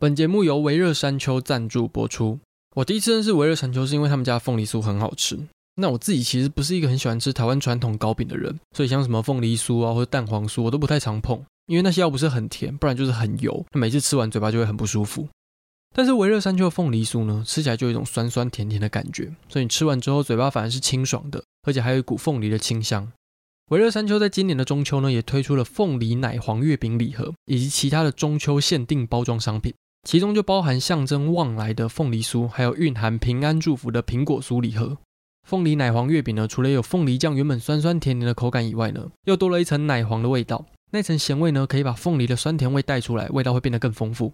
本節目由微熱山丘贊助播出。我第一次認識微熱山丘是因為他們家的鳳梨酥很好吃。那我自己其實不是一個很喜歡吃台灣傳統糕餅的人，所以像什麼鳳梨酥啊或者蛋黃酥我都不太常碰，因為那些要不是很甜，不然就是很油，那每次吃完嘴巴就會很不舒服。但是微熱山丘的鳳梨酥呢，吃起來就有一種酸酸甜甜的感覺，所以你吃完之後嘴巴反而是清爽的，而且還有一股鳳梨的清香。微熱山丘在今年的中秋呢，也推出了鳳梨奶黃月餅禮盒以及其他的中秋限定包裝商品。其中就包含象徵旺來的鳳梨酥，還有蘊含平安祝福的蘋果酥禮盒。鳳梨奶黃月餅呢，除了有鳳梨醬原本酸酸甜甜的口感以外呢，又多了一層奶黃的味道。那層鹹味呢，可以把鳳梨的酸甜味帶出來，味道會變得更豐富。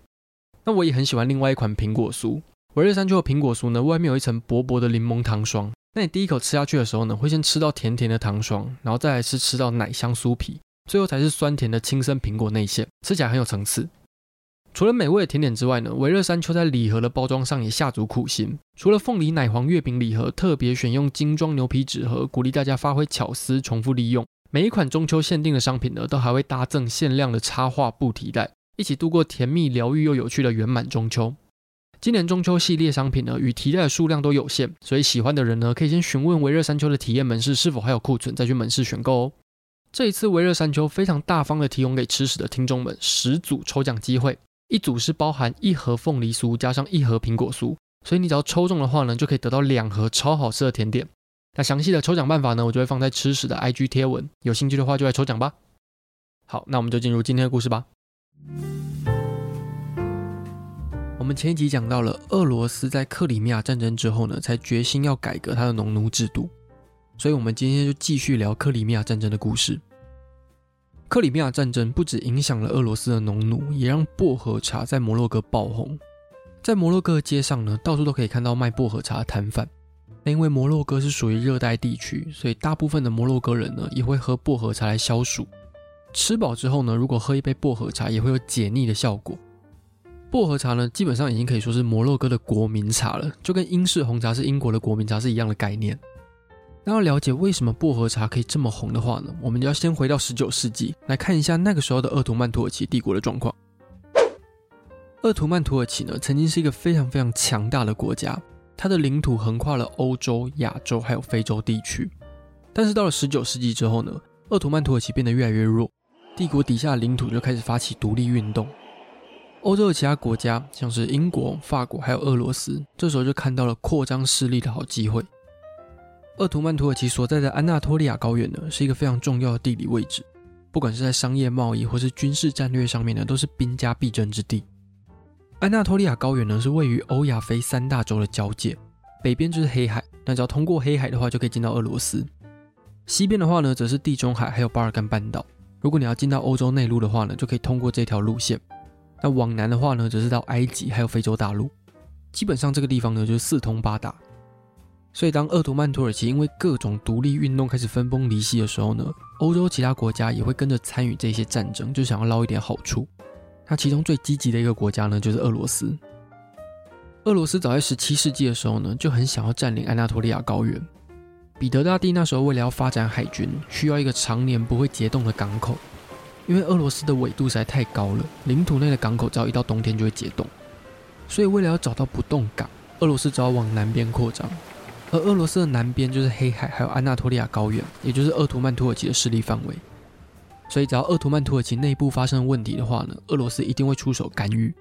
那我也很喜歡另外一款蘋果酥，微熱山丘的蘋果酥呢，外面有一層薄薄的檸檬糖霜。那你第一口吃下去的時候呢，會先吃到甜甜的糖霜，然後再來是吃到奶香酥皮，最後才是酸甜的青森蘋果內餡，吃起來很有層次。除了美味的甜點之外呢，微熱山丘在禮盒的包裝上也下足苦心。除了鳳梨奶黃月餅禮盒，特別選用精裝牛皮紙盒，鼓勵大家發揮巧思，重複利用。每一款中秋限定的商品呢，都還會搭贈限量的插畫布提袋，一起度過甜蜜、療癒又有趣的圓滿中秋。今年中秋系列商品呢，與提袋的數量都有限，所以喜歡的人呢，可以先詢問微熱山丘的體驗門市是否還有庫存，再去門市選購哦。這一次微熱山丘非常大方的提供給吃史的聽眾們十組抽獎機會。一組是包含一盒鳳梨酥加上一盒蘋果酥，所以你只要抽中的話呢，就可以得到兩盒超好吃的甜點。那詳細的抽獎辦法呢，我就會放在吃史的 IG 貼文，有興趣的話就來抽獎吧。好，那我們就進入今天的故事吧。我們前一集講到了俄羅斯在克里米亞戰爭之後呢，才決心要改革他的農奴制度，所以我們今天就繼續聊克里米亞戰爭的故事。克里米亞戰爭不只影響了俄羅斯的農奴，也讓薄荷茶在摩洛哥爆紅。在摩洛哥的街上呢，到處都可以看到賣薄荷茶的攤販。因為摩洛哥是屬於熱帶地區，所以大部分的摩洛哥人呢，也會喝薄荷茶來消暑。吃飽之後呢，如果喝一杯薄荷茶，也會有解膩的效果。薄荷茶呢，基本上已經可以說是摩洛哥的國民茶了，就跟英式紅茶是英國的國民茶是一樣的概念。那要了解為什麼薄荷茶可以這麼紅的話呢？我們就要先回到十九世紀來看一下那個時候的鄂圖曼土耳其帝國的狀況。鄂圖曼土耳其呢，曾經是一個非常非常強大的國家，它的領土橫跨了歐洲、亞洲還有非洲地區。但是到了十九世紀之後呢，鄂圖曼土耳其變得越來越弱，帝國底下的領土就開始發起獨立運動。歐洲的其他國家，像是英國、法國還有俄羅斯，這時候就看到了擴張勢力的好機會。鄂圖曼土耳其所在的安納托利亞高原呢，是一個非常重要的地理位置，不管是在商業貿易或是軍事戰略上面呢，都是兵家必爭之地。安納托利亞高原呢，是位於歐亞非三大洲的交界，北邊就是黑海，那只要通過黑海的話，就可以進到俄羅斯；西邊的話呢，則是地中海還有巴爾幹半島。如果你要進到歐洲內陸的話呢，就可以通過這條路線；那往南的話呢，則是到埃及還有非洲大陸。基本上這個地方呢，就是四通八達。所以，當鄂圖曼土耳其因為各種獨立運動開始分崩離析的時候呢，歐洲其他國家也會跟着參與這些戰爭，就想要撈一點好處。那其中最積極的一個國家呢，就是俄羅斯。俄羅斯早在17世紀的時候呢，就很想要占領安納托利亞高原。彼得大帝那時候為了要發展海軍，需要一個常年不會結凍的港口，因為俄羅斯的緯度實在太高了，領土內的港口只要一到冬天就會結凍。所以，為了要找到不凍港，俄羅斯只好往南邊擴張。而俄羅斯的南邊就是黑海，還有安納托利亞高原，也就是鄂圖曼土耳其的勢力範圍。所以，只要鄂圖曼土耳其內部發生了問題的話呢，俄羅斯一定會出手干預。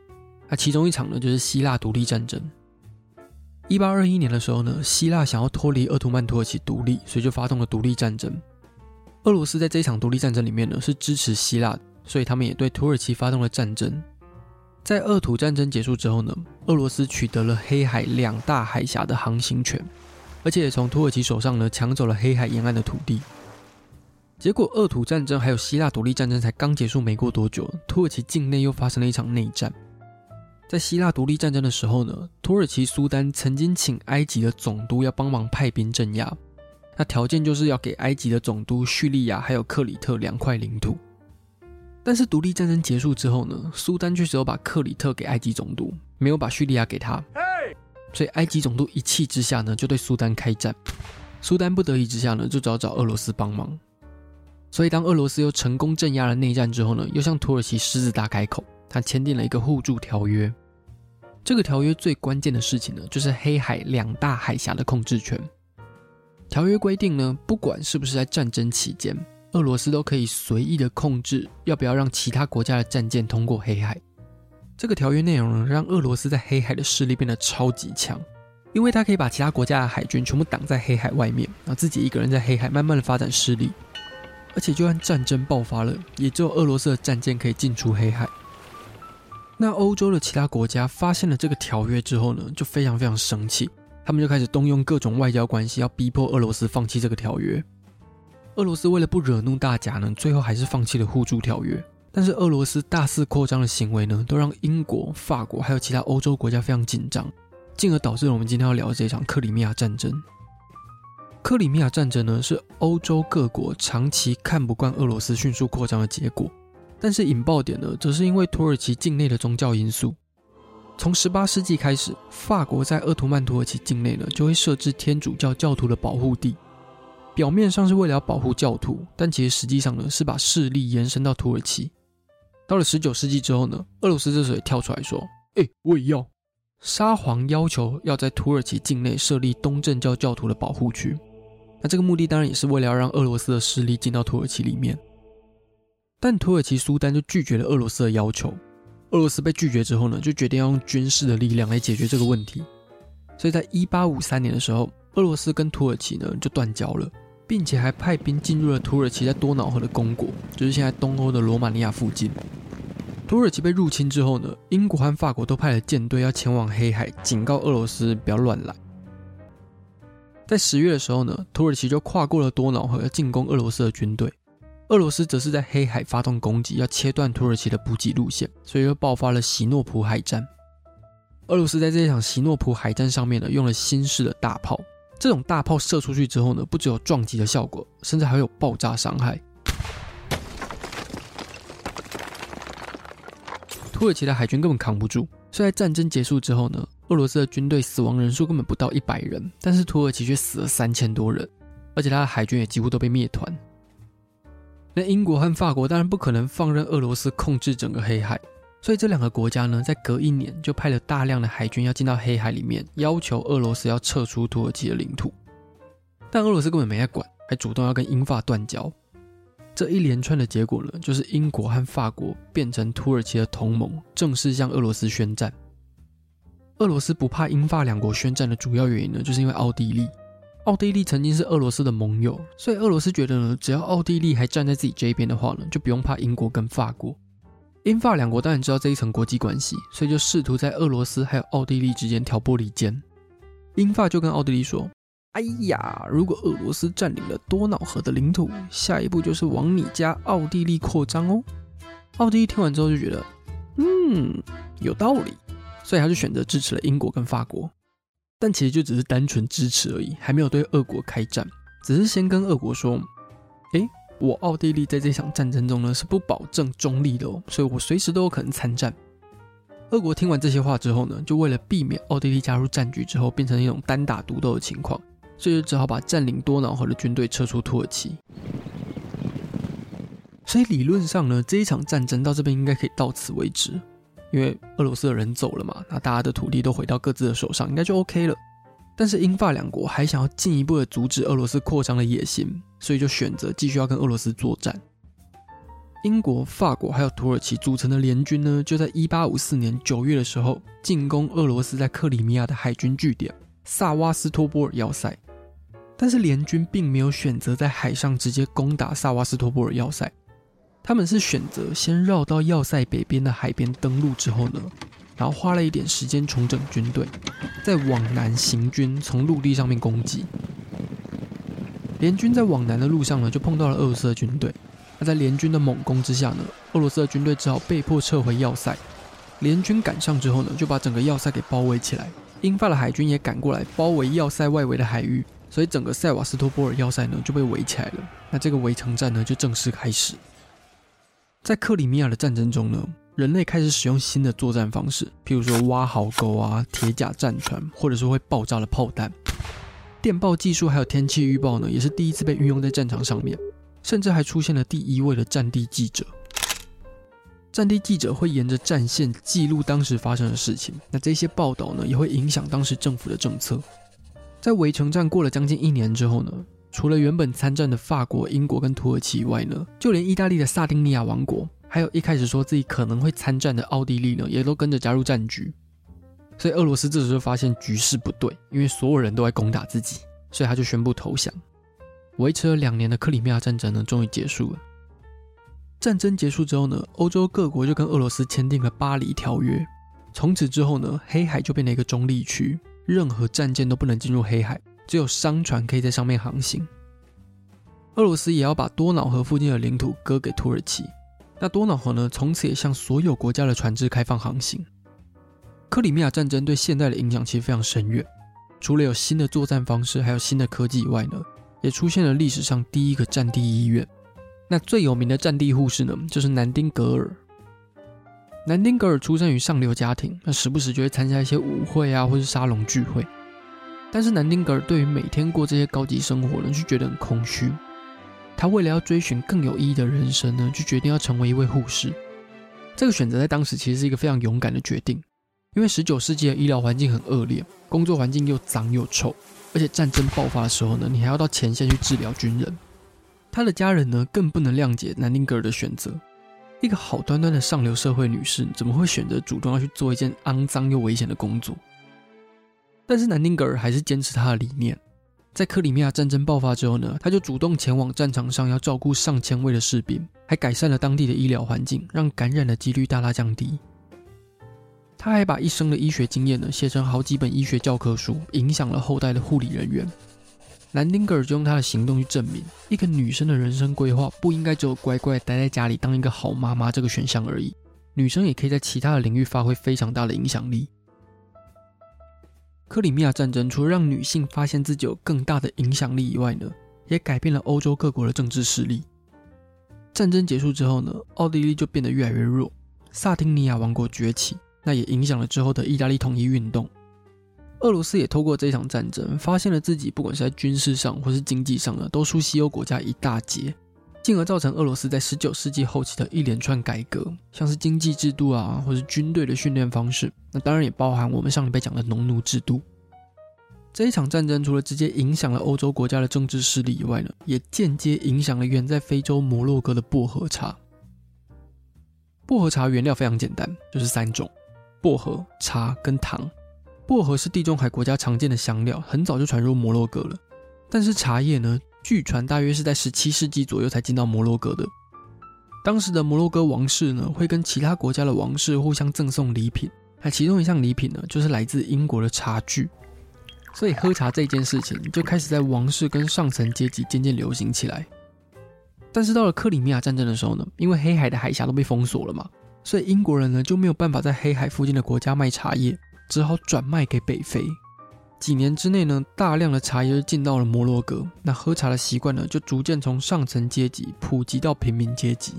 那其中一場呢，就是希臘獨立戰爭。一八二一年的時候呢，希臘想要脫離鄂圖曼土耳其獨立，所以就發動了獨立戰爭。俄羅斯在這場獨立戰爭裡面呢，是支持希臘，所以他們也對土耳其發動了戰爭。在鄂土戰爭結束之後呢，俄羅斯取得了黑海兩大海峽的航行權。而且也從土耳其手上呢搶走了黑海沿岸的土地。結果，俄土戰爭還有希臘獨立戰爭才剛結束沒過多久，土耳其境內又發生了一場內戰。在希臘獨立戰爭的時候呢，土耳其蘇丹曾經請埃及的總督要幫忙派兵鎮壓，那條件就是要給埃及的總督敘利亞還有克里特兩塊領土。但是獨立戰爭結束之後呢，蘇丹卻只有把克里特給埃及總督，沒有把敘利亞給他。所以埃及總督一氣之下呢，就對蘇丹開戰。蘇丹不得已之下呢，就找找俄羅斯幫忙。所以當俄羅斯又成功鎮壓了內戰之後呢，又向土耳其獅子大開口，他簽訂了一個互助條約。這個條約最關鍵的事情呢，就是黑海兩大海峽的控制權。條約規定呢，不管是不是在戰爭期間，俄羅斯都可以隨意的控制要不要讓其他國家的戰艦通過黑海。這個條約內容呢，讓俄羅斯在黑海的勢力變得超級強，因為他可以把其他國家的海軍全部擋在黑海外面，然後自己一個人在黑海慢慢的發展勢力。而且就算戰爭爆發了，也只有俄羅斯的戰艦可以進出黑海。那歐洲的其他國家發現了這個條約之後呢，就非常非常生氣，他們就開始動用各種外交關係，要逼迫俄羅斯放棄這個條約。俄羅斯為了不惹怒大家呢，最後還是放棄了互助條約。但是俄羅斯大肆擴張的行為呢，都讓英國、法國還有其他歐洲國家非常緊張，進而導致了我們今天要聊這場克里米亞戰爭。克里米亞戰爭呢，是歐洲各國長期看不慣俄羅斯迅速擴張的結果。但是引爆點呢，則是因為土耳其境內的宗教因素。從18世紀開始，法國在鄂圖曼土耳其境內呢，就會設置天主教教徒的保護地。表面上是為了要保護教徒，但其實實際上呢，是把勢力延伸到土耳其。到了十九世紀之後呢，俄羅斯這時候也跳出來說：“哎、欸，我也要。”沙皇要求要在土耳其境內設立東正教教徒的保護區，那這個目的當然也是為了要讓俄羅斯的勢力進到土耳其裡面。但土耳其蘇丹就拒絕了俄羅斯的要求。俄羅斯被拒絕之後呢，就決定要用軍事的力量來解決這個問題。所以在一八五三年的時候，俄羅斯跟土耳其呢就斷交了。並且還派兵進入了土耳其在多瑙河的公國，就是現在東歐的羅馬尼亞附近。土耳其被入侵之後呢，英國和法國都派了艦隊要前往黑海，警告俄羅斯不要亂來。在十月的時候呢，土耳其就跨過了多瑙河要進攻俄羅斯的軍隊，俄羅斯則是在黑海發動攻擊，要切斷土耳其的補給路線，所以又爆發了希諾普海戰。俄羅斯在這一場希諾普海戰上面呢，用了新式的大炮。這種大炮射出去之後呢，不只有撞擊的效果，甚至還會有爆炸傷害。土耳其的海軍根本扛不住。雖然戰爭結束之後呢，俄羅斯的軍隊死亡人數根本不到一百人，但是土耳其卻死了三千多人，而且他的海軍也幾乎都被滅團。那英國和法國當然不可能放任俄羅斯控制整個黑海。所以這兩個國家呢，在隔一年就派了大量的海軍要進到黑海裡面，要求俄羅斯要撤出土耳其的領土。但俄羅斯根本沒在管，還主動要跟英法斷交。這一連串的結果呢，就是英國和法國變成土耳其的同盟，正式向俄羅斯宣戰。俄羅斯不怕英法兩國宣戰的主要原因呢，就是因為奧地利。奧地利曾經是俄羅斯的盟友，所以俄羅斯覺得呢，只要奧地利還站在自己這一邊的話呢，就不用怕英國跟法國。英法兩國當然知道這一層國際關係，所以就試圖在俄羅斯還有奧地利之間挑撥離間。英法就跟奧地利說：“哎呀，如果俄羅斯佔領了多瑙河的領土，下一步就是往你家奧地利擴張哦。”奧地利聽完之後就覺得，嗯，有道理，所以他就選擇支持了英國跟法國。但其實就只是單純支持而已，還沒有對俄國開戰，只是先跟俄國說：“哎。”我奧地利在這場戰爭中呢，是不保證中立的哦，所以我隨時都有可能參戰。俄國聽完這些話之後呢，就為了避免奧地利加入戰局之後變成一種單打獨鬥的情況，所以只好把佔領多瑙河的軍隊撤出土耳其。所以理論上呢，這一場戰爭到這邊應該可以到此為止，因為俄羅斯的人走了嘛，那大家的土地都回到各自的手上，應該就 OK 了。但是英法兩國還想要進一步的阻止俄羅斯擴張的野心，所以就選擇繼續要跟俄羅斯作戰。英國、法國還有土耳其組成的聯軍呢，就在1854年9月的時候，進攻俄羅斯在克里米亞的海軍據點薩瓦斯托波爾要塞。但是聯軍並沒有選擇在海上直接攻打薩瓦斯托波爾要塞，他們是選擇先繞到要塞北邊的海邊登陸之後呢。然後花了一點時間重整軍隊，再往南行軍，從陸地上面攻擊。聯軍在往南的路上呢，就碰到了俄羅斯的軍隊。那在聯軍的猛攻之下呢，俄羅斯的軍隊只好被迫撤回要塞。聯軍趕上之後呢，就把整個要塞給包圍起來。英法的海軍也趕過來，包圍要塞外圍的海域，所以整個塞瓦斯托波爾要塞呢就被圍起來了。那這個圍城戰呢就正式開始。在克里米亞的戰爭中呢，人類開始使用新的作戰方式，譬如說挖壕溝啊、鐵甲戰船，或者說會爆炸的炮彈。電報技術還有天氣預報呢，也是第一次被運用在戰場上面。甚至還出現了第一位的戰地記者。戰地記者會沿着戰線記錄當時發生的事情，那這些報道呢，也會影響當時政府的政策。在圍城戰過了將近一年之後呢，除了原本參戰的法國、英國跟土耳其以外呢，就連意大利的薩丁尼亞王國。還有一開始說自己可能會參戰的奧地利呢，也都跟着加入戰局。所以俄羅斯這時候發現局勢不對，因為所有人都在攻打自己，所以他就宣布投降。維持了兩年的克里米亞戰爭呢，終於結束了。戰爭結束之後呢，歐洲各國就跟俄羅斯簽訂了《巴黎條約》。從此之後呢，黑海就變成了一個中立區，任何戰艦都不能進入黑海，只有商船可以在上面航行。俄羅斯也要把多瑙河附近的領土割給土耳其。那多瑙河呢，從此也向所有國家的船隻開放航行。克里米亞戰爭對現代的影響其實非常深遠，除了有新的作戰方式，還有新的科技以外呢，也出現了歷史上第一個戰地醫院。那最有名的戰地護士呢，就是南丁格爾。南丁格爾出生於上流家庭，那時不時就會參加一些舞會啊，或是沙龍聚會。但是南丁格爾對於每天過這些高級生活呢，是覺得很空虛。他為了要追尋更有意義的人生呢，就決定要成為一位護士。這個選擇在當時其實是一個非常勇敢的決定，因為十九世紀的醫療環境很惡劣，工作環境又髒又臭，而且戰爭爆發的時候呢，你還要到前線去治療軍人。他的家人呢更不能諒解南丁格爾的選擇，一個好端端的上流社會女士怎麼會選擇主動要去做一件骯髒又危險的工作？但是南丁格爾還是堅持他的理念。在克里米亞戰爭爆發之後呢，他就主動前往戰場上，要照顧上千位的士兵，還改善了當地的醫療環境，讓感染的幾率大大降低。他還把一生的醫學經驗呢，寫成好幾本醫學教科書，影響了後代的護理人員。南丁格爾就用他的行動去證明，一個女生的人生規劃不應該只有乖乖待在家裡當一個好媽媽這個選項而已，女生也可以在其他的領域發揮非常大的影響力。克里米亞戰爭除了讓女性發現自己有更大的影響力以外呢，也改變了歐洲各國的政治勢力。戰爭結束之後呢，奧地利就變得越來越弱，薩丁尼亞王國崛起，那也影響了之後的意大利統一運動。俄羅斯也透過這場戰爭，發現了自己不管是在軍事上或是經濟上呢，都輸西歐國家一大截。進而造成俄羅斯在19世紀後期的一連串改革，像是經濟制度啊，或是軍隊的訓練方式。那當然也包含我們上禮拜講的農奴制度。這一場戰爭除了直接影響了歐洲國家的政治勢力以外呢，也間接影響了遠在非洲摩洛哥的薄荷茶。薄荷茶原料非常簡單，就是三種：薄荷、茶跟糖。薄荷是地中海國家常見的香料，很早就傳入摩洛哥了。但是茶葉呢？據傳，巨大約是在17世紀左右才進到摩洛哥的。當時的摩洛哥王室呢，會跟其他國家的王室互相贈送禮品，那其中一項禮品呢，就是來自英國的茶具。所以喝茶這件事情就開始在王室跟上層階級漸漸流行起來。但是到了克里米亞戰爭的時候呢，因為黑海的海峽都被封鎖了嘛，所以英國人呢就沒有辦法在黑海附近的國家賣茶葉，只好轉賣給北非。幾年之內呢，大量的茶葉進到了摩洛哥，那喝茶的習慣呢，就逐漸從上層階級普及到平民階級。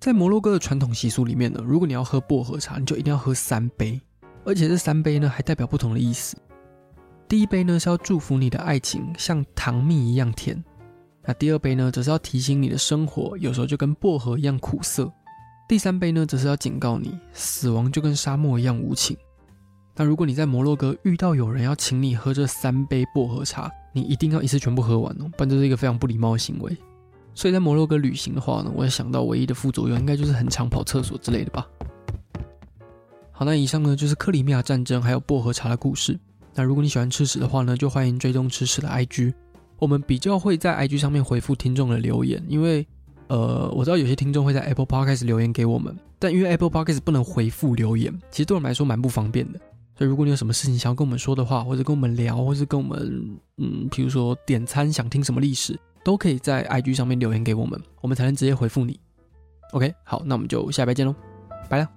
在摩洛哥的傳統習俗裡面呢，如果你要喝薄荷茶，你就一定要喝三杯，而且這三杯呢，還代表不同的意思。第一杯呢，是要祝福你的愛情像糖蜜一樣甜；那第二杯呢，則是要提醒你的生活有時候就跟薄荷一樣苦澀；第三杯呢，則是要警告你，死亡就跟沙漠一樣無情。那如果你在摩洛哥遇到有人要請你喝這三杯薄荷茶，你一定要一次全部喝完哦，不然這是一個非常不禮貌的行為。所以在摩洛哥旅行的話呢，我也想到唯一的副作用應該就是很常跑廁所之類的吧。好，那以上呢就是克里米亞戰爭還有薄荷茶的故事。那如果你喜歡吃史的話呢，就歡迎追蹤吃史的 IG。我們比較會在 IG 上面回復聽眾的留言，因為呃我知道有些聽眾會在 Apple Podcast 留言給我們，但因為 Apple Podcast 不能回復留言，其實對我們來說蠻不方便的。所以，如果你有什麼事情想要跟我們說的話，或者跟我們聊，或者跟我們，嗯，比如說點餐，想聽什麼歷史，都可以在 IG 上面留言給我們，我們才能直接回復你。OK，好，那我們就下禮拜見嘍，拜了。